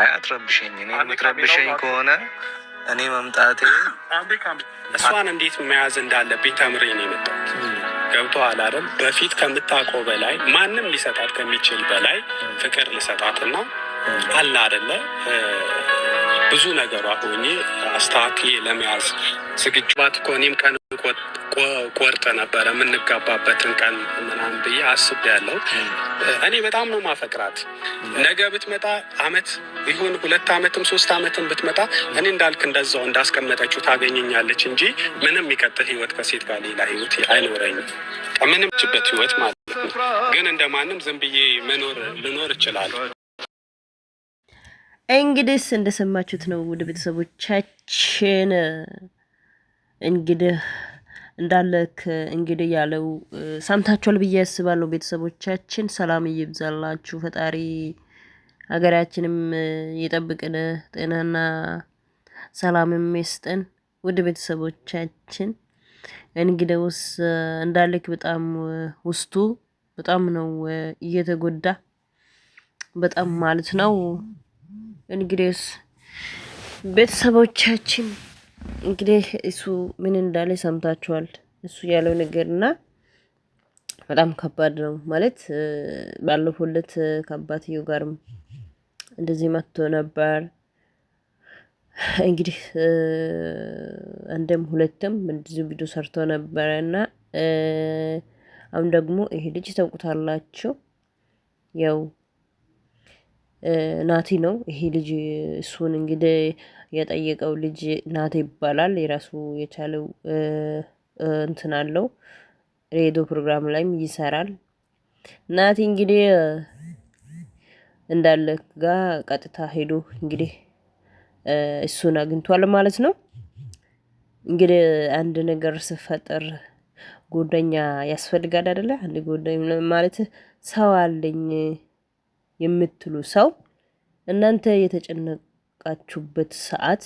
አይ አትረብሸኝ። እኔ የምትረብሸኝ ከሆነ እኔ መምጣቴ እሷን እንዴት መያዝ እንዳለብኝ ተምሬ ነው የመጣሁት። ገብቶሃል አይደል? በፊት ከምታውቀው በላይ ማንም ሊሰጣት ከሚችል በላይ ፍቅር ልሰጣትና አለ አይደለ ብዙ ነገሯ ሆኜ አስተካክዬ ለመያዝ ዝግጁ ባት ቀን ቆርጥ ነበረ የምንጋባበትን ቀን ምናምን ብዬ አስብ ያለው እኔ በጣም ነው ማፈቅራት። ነገ ብትመጣ አመት ይሁን ሁለት አመትም ሶስት አመትም ብትመጣ እኔ እንዳልክ እንደዛው እንዳስቀመጠችው ታገኘኛለች እንጂ ምንም የሚቀጥል ህይወት ከሴት ጋር ሌላ ህይወት አይኖረኝም። ምንም ችበት ህይወት ማለት ነው። ግን እንደማንም ዝም ብዬ መኖር ልኖር እችላለሁ። እንግዲህ እንደሰማችሁት ነው ውድ ቤተሰቦቻችን። እንግዲህ እንዳለክ እንግዲህ ያለው ሰምታችኋል ብዬ አስባለሁ። ቤተሰቦቻችን ሰላም ይብዛላችሁ። ፈጣሪ ሀገራችንም የጠብቅን፣ ጤናና ሰላምም ይስጠን። ውድ ቤተሰቦቻችን እንግዲህ እንዳለክ በጣም ውስጡ በጣም ነው እየተጎዳ በጣም ማለት ነው እንግዲህ ቤተሰቦቻችን እንግዲህ እሱ ምን እንዳለ ሰምታችኋል። እሱ ያለው ነገር እና በጣም ከባድ ነው ማለት ባለፈው ዕለት ከአባትየው ጋርም እንደዚህ መጥቶ ነበር። እንግዲህ አንድም ሁለትም እንደዚህ ቪዲዮ ሰርቶ ነበረ እና አሁን ደግሞ ይሄ ልጅ ተውቁታላችሁ ያው ናቲ ነው ይሄ ልጅ። እሱን እንግዲህ የጠየቀው ልጅ ናቲ ይባላል። የራሱ የቻለው እንትን አለው። ሬዲዮ ፕሮግራም ላይም ይሰራል። ናቲ እንግዲህ እንዳለ ጋ ቀጥታ ሄዶ እንግዲህ እሱን አግኝቷል ማለት ነው። እንግዲህ አንድ ነገር ስፈጠር ጎደኛ ያስፈልጋል አይደለ? አንድ ጓደኛ ማለት ሰው አለኝ የምትሉ ሰው እናንተ የተጨነቃችሁበት ሰዓት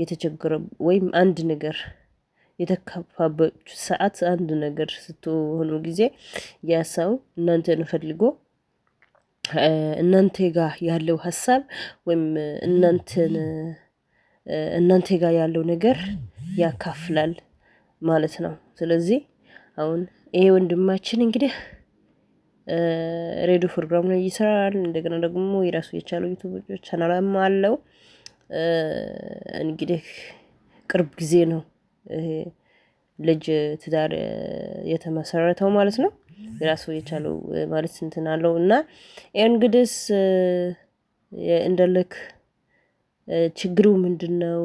የተቸገረ ወይም አንድ ነገር የተከፋባችሁ ሰዓት አንድ ነገር ስትሆኑ ጊዜ ያ ሰው እናንተን ፈልጎ እናንተ ጋር ያለው ሀሳብ ወይም እናንተን እናንተ ጋር ያለው ነገር ያካፍላል ማለት ነው። ስለዚህ አሁን ይሄ ወንድማችን እንግዲህ ሬዲዮ ፕሮግራም ላይ ይሰራል። እንደገና ደግሞ የራሱ የቻለው ዩቱብ ቻናልም አለው። እንግዲህ ቅርብ ጊዜ ነው ይሄ ልጅ ትዳር የተመሰረተው ማለት ነው። የራሱ የቻለው ማለት እንትን አለው እና እንግዲስ እንደ ልክ ችግሩ ምንድን ነው?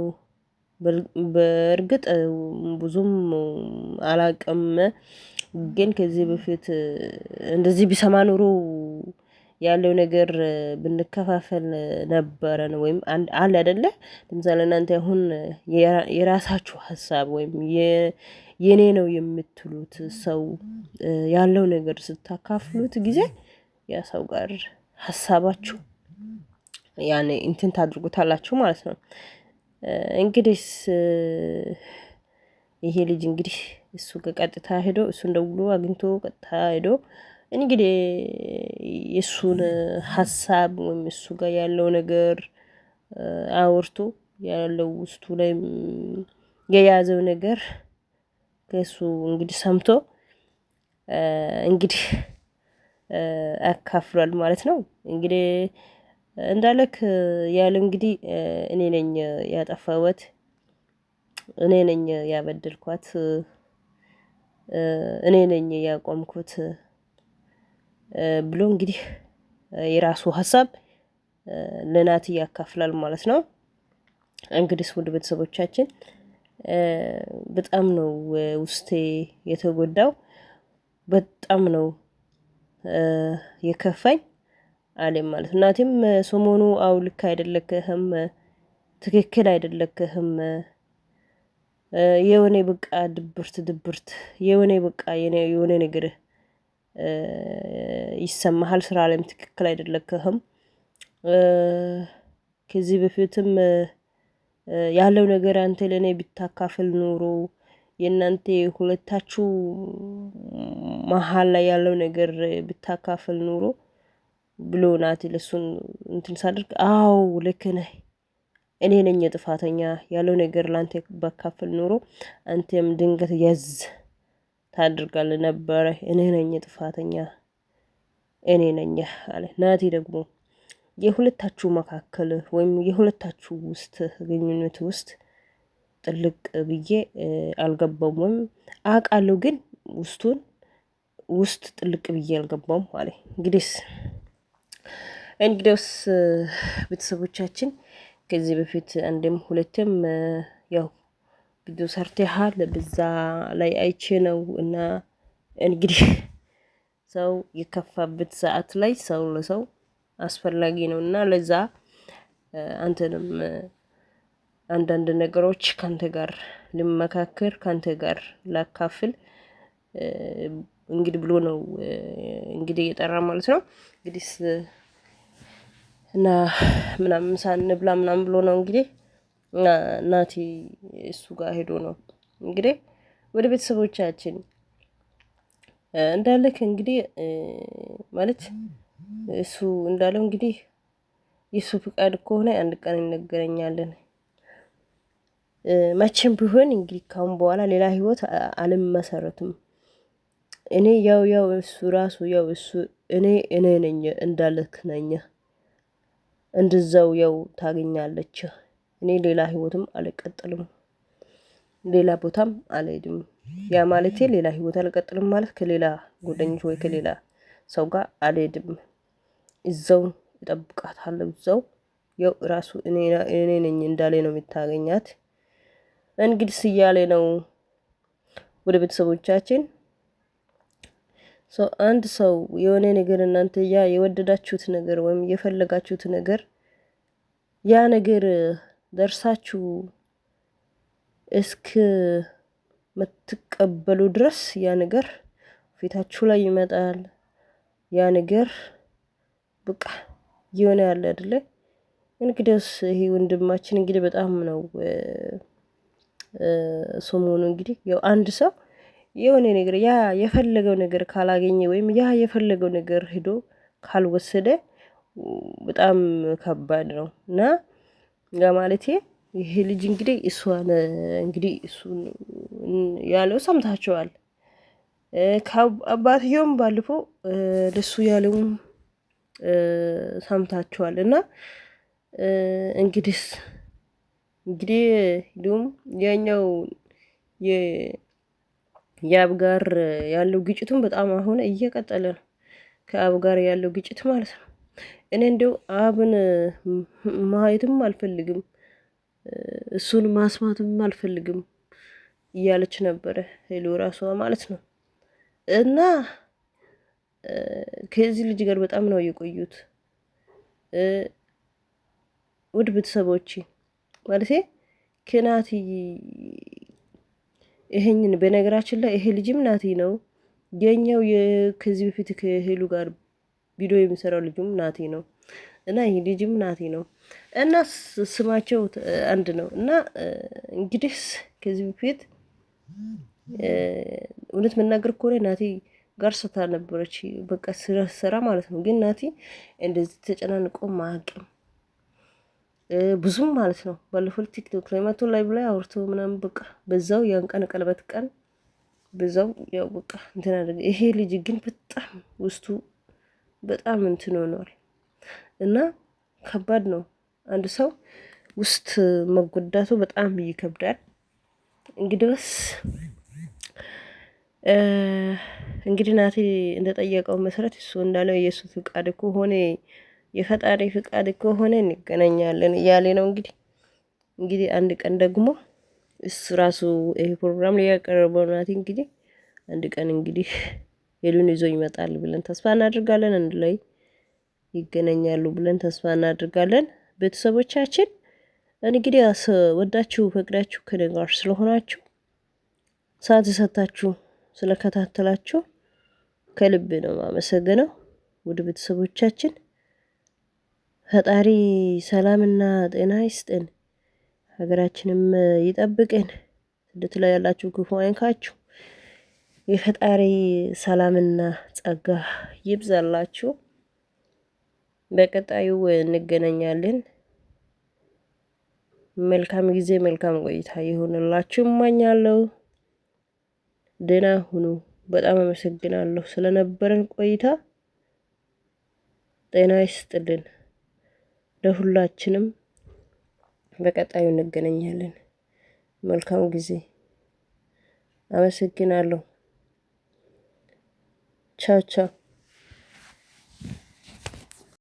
በእርግጥ ብዙም አላቅም። ግን ከዚህ በፊት እንደዚህ ቢሰማ ኑሮ ያለው ነገር ብንከፋፈል ነበረን። ወይም አለ አይደለ? ለምሳሌ እናንተ አሁን የራሳችሁ ሀሳብ ወይም የኔ ነው የምትሉት ሰው ያለው ነገር ስታካፍሉት ጊዜ ያ ሰው ጋር ሀሳባችሁ ያኔ እንትን ታድርጉታላችሁ ማለት ነው። እንግዲህ ይሄ ልጅ እንግዲህ እሱ ቀጥታ ሄዶ እሱን ደውሎ አግኝቶ ቀጥታ ሄዶ እንግዲህ የእሱን ሀሳብ ወይም እሱ ጋር ያለው ነገር አውርቶ ያለው ውስጡ ላይ የያዘው ነገር ከእሱ እንግዲህ ሰምቶ እንግዲህ አካፍሏል ማለት ነው። እንግዲህ እንዳለክ ያለ እንግዲህ እኔ ነኝ ያጠፋሁት እኔ ነኝ ያበደልኳት፣ እኔ ነኝ ያቆምኩት ብሎ እንግዲህ የራሱ ሀሳብ ለናት ያካፍላል ማለት ነው። እንግዲህ ውድ ቤተሰቦቻችን በጣም ነው ውስጤ የተጎዳው፣ በጣም ነው የከፋኝ አሌም ማለት እናቴም ሰሞኑ አው ልክ አይደለክህም፣ ትክክል አይደለክህም የሆነ በቃ ድብርት ድብርት የሆነ በቃ የሆነ ነገር ይሰማሃል። ስራ ላይም ትክክል አይደለክህም። ከዚህ በፊትም ያለው ነገር አንተ ለእኔ ቢታካፍል ኑሮ የእናንተ ሁለታችሁ መሀል ላይ ያለው ነገር ብታካፍል ኑሮ ብሎ ናት ለሱን እንትን ሳደርግ አዎ ልክ ነህ እኔ ነኝ ጥፋተኛ ያለው ነገር ለአንተ ባካፍል ኑሮ አንተም ድንገት የዝ ታድርጋል ነበረ። እኔ ነኝ ጥፋተኛ፣ እኔ ነኝ አለ። ናቲ ደግሞ የሁለታችሁ መካከል ወይም የሁለታችሁ ውስጥ ግንኙነት ውስጥ ጥልቅ ብዬ አልገባም ወይም አውቃለሁ ግን ውስጡን ውስጥ ጥልቅ ብዬ አልገባም አለ። እንግዲስ እንግዲያውስ ቤተሰቦቻችን ከዚህ በፊት አንድም ሁለትም ያው ቪዲዮ ሰርተሃል በዛ ላይ አይቼ ነው እና እንግዲህ ሰው የከፋበት ሰዓት ላይ ሰው ለሰው አስፈላጊ ነው እና ለዛ አንተንም አንዳንድ ነገሮች ካንተ ጋር ልመካከር ካንተ ጋር ላካፍል እንግዲህ ብሎ ነው እንግዲህ የጠራ ማለት ነው እንግዲህ እና ምናምን ሳንብላ እንብላ ምናምን ብሎ ነው እንግዲህ እናቲ እሱ ጋር ሄዶ ነው እንግዲህ ወደ ቤተሰቦቻችን እንዳለክ እንግዲህ ማለት እሱ እንዳለው እንግዲህ የእሱ ፍቃድ ከሆነ አንድ ቀን እንገናኛለን። መቼም ቢሆን እንግዲህ ካሁን በኋላ ሌላ ህይወት አልመሰረትም። እኔ ያው ያው እሱ ራሱ ያው እሱ እኔ እኔ ነኝ እንዳለክ ነኛ እንድዛው የው ታገኛለች። እኔ ሌላ ህይወትም አልቀጥልም፣ ሌላ ቦታም አልሄድም። ያ ማለት ሌላ ህይወት አልቀጥልም ማለት ከሌላ ጓደኞች ወይ ከሌላ ሰው ጋር አልሄድም። እዛው እጠብቃታለሁ። እዛው ያው እራሱ እኔ ነኝ እንዳለ ነው የምታገኛት። እንግዲህ ስያሌ ነው ወደ ቤተሰቦቻችን አንድ ሰው የሆነ ነገር እናንተ ያ የወደዳችሁት ነገር ወይም የፈለጋችሁት ነገር ያ ነገር ደርሳችሁ እስክ ምትቀበሉ ድረስ ያ ነገር ፊታችሁ ላይ ይመጣል። ያ ነገር በቃ የሆነ ያለ አይደለ? እንግዲህስ ይሄ ወንድማችን እንግዲህ በጣም ነው ሰሞኑ እንግዲህ ያው አንድ ሰው የሆነ ነገር ያ የፈለገው ነገር ካላገኘ ወይም ያ የፈለገው ነገር ሂዶ ካልወሰደ በጣም ከባድ ነው እና ማለት ይሄ ልጅ እንግዲህ እሷን እንግዲህ እሱን ያለው ሰምታችኋል። አባትየውም ባለፈው ለሱ ያለውም ሰምታችኋል። እና እንግዲህ እንግዲህ ሂዱም ያኛው የአብ ጋር ያለው ግጭቱን በጣም አሁን እየቀጠለ ነው። ከአብ ጋር ያለው ግጭት ማለት ነው። እኔ እንደው አብን ማየትም አልፈልግም እሱን ማስማትም አልፈልግም እያለች ነበረ ሄሉ ራሷ ማለት ነው። እና ከዚህ ልጅ ጋር በጣም ነው የቆዩት። ውድ ቤተሰቦች ማለት ከናቲ ይሄንን በነገራችን ላይ ይሄ ልጅም ናቲ ነው የኛው ከዚህ በፊት ከሄሉ ጋር ቪዲዮ የሚሰራው ልጅም ናቲ ነው እና ይህ ልጅም ናቲ ነው እና ስማቸው አንድ ነው እና እንግዲህ ከዚህ በፊት እውነት መናገር ከሆነ ናቲ ጋር ሰታ ነበረች በቃ ስራ ማለት ነው። ግን ናቲ እንደዚህ ተጨናንቆ ማቅም ብዙም ማለት ነው። ባለፈው ቲክቶክ ላይ መቶ ላይ ብላይ አውርቶ ምናም በቃ በዛው ያን ቀን ቀለበት ቀን በዛው ያው በቃ እንትን አደረገ። ይሄ ልጅ ግን በጣም ውስጡ በጣም እንትን ሆኗል እና ከባድ ነው። አንድ ሰው ውስጥ መጎዳቱ በጣም ይከብዳል። እንግዲህ እንግዲህ ናቴ እንደጠየቀው መሰረት እሱ እንዳለው የእሱ ፍቃድ ከሆነ የፈጣሪ ፍቃድ ከሆነ እንገናኛለን እያሌ ነው። እንግዲህ እንግዲህ አንድ ቀን ደግሞ እሱ ራሱ ይህ ፕሮግራም ሊያቀርበው ናት። እንግዲህ አንድ ቀን እንግዲህ ሄሉን ይዞ ይመጣል ብለን ተስፋ እናድርጋለን። አንድ ላይ ይገናኛሉ ብለን ተስፋ እናድርጋለን። ቤተሰቦቻችን እንግዲህ ወዳችሁ ፈቅዳችሁ ከኔ ጋር ስለሆናችሁ ሰዓት የሰጣችሁ ስለከታተላችሁ ከልብ ነው ማመሰግነው። ውድ ቤተሰቦቻችን ፈጣሪ ሰላምና ጤና ይስጥን፣ ሀገራችንም ይጠብቅን። ስደት ላይ ያላችሁ ክፉ አይንካችሁ። የፈጣሪ ሰላምና ጸጋ ይብዛላችሁ። በቀጣዩ እንገናኛለን። መልካም ጊዜ፣ መልካም ቆይታ ይሁንላችሁ እመኛለሁ። ደህና ሁኑ። በጣም አመሰግናለሁ ስለነበረን ቆይታ። ጤና ይስጥልን። ለሁላችንም። በቀጣዩ እንገናኛለን። መልካም ጊዜ። አመሰግናለሁ። ቻው ቻው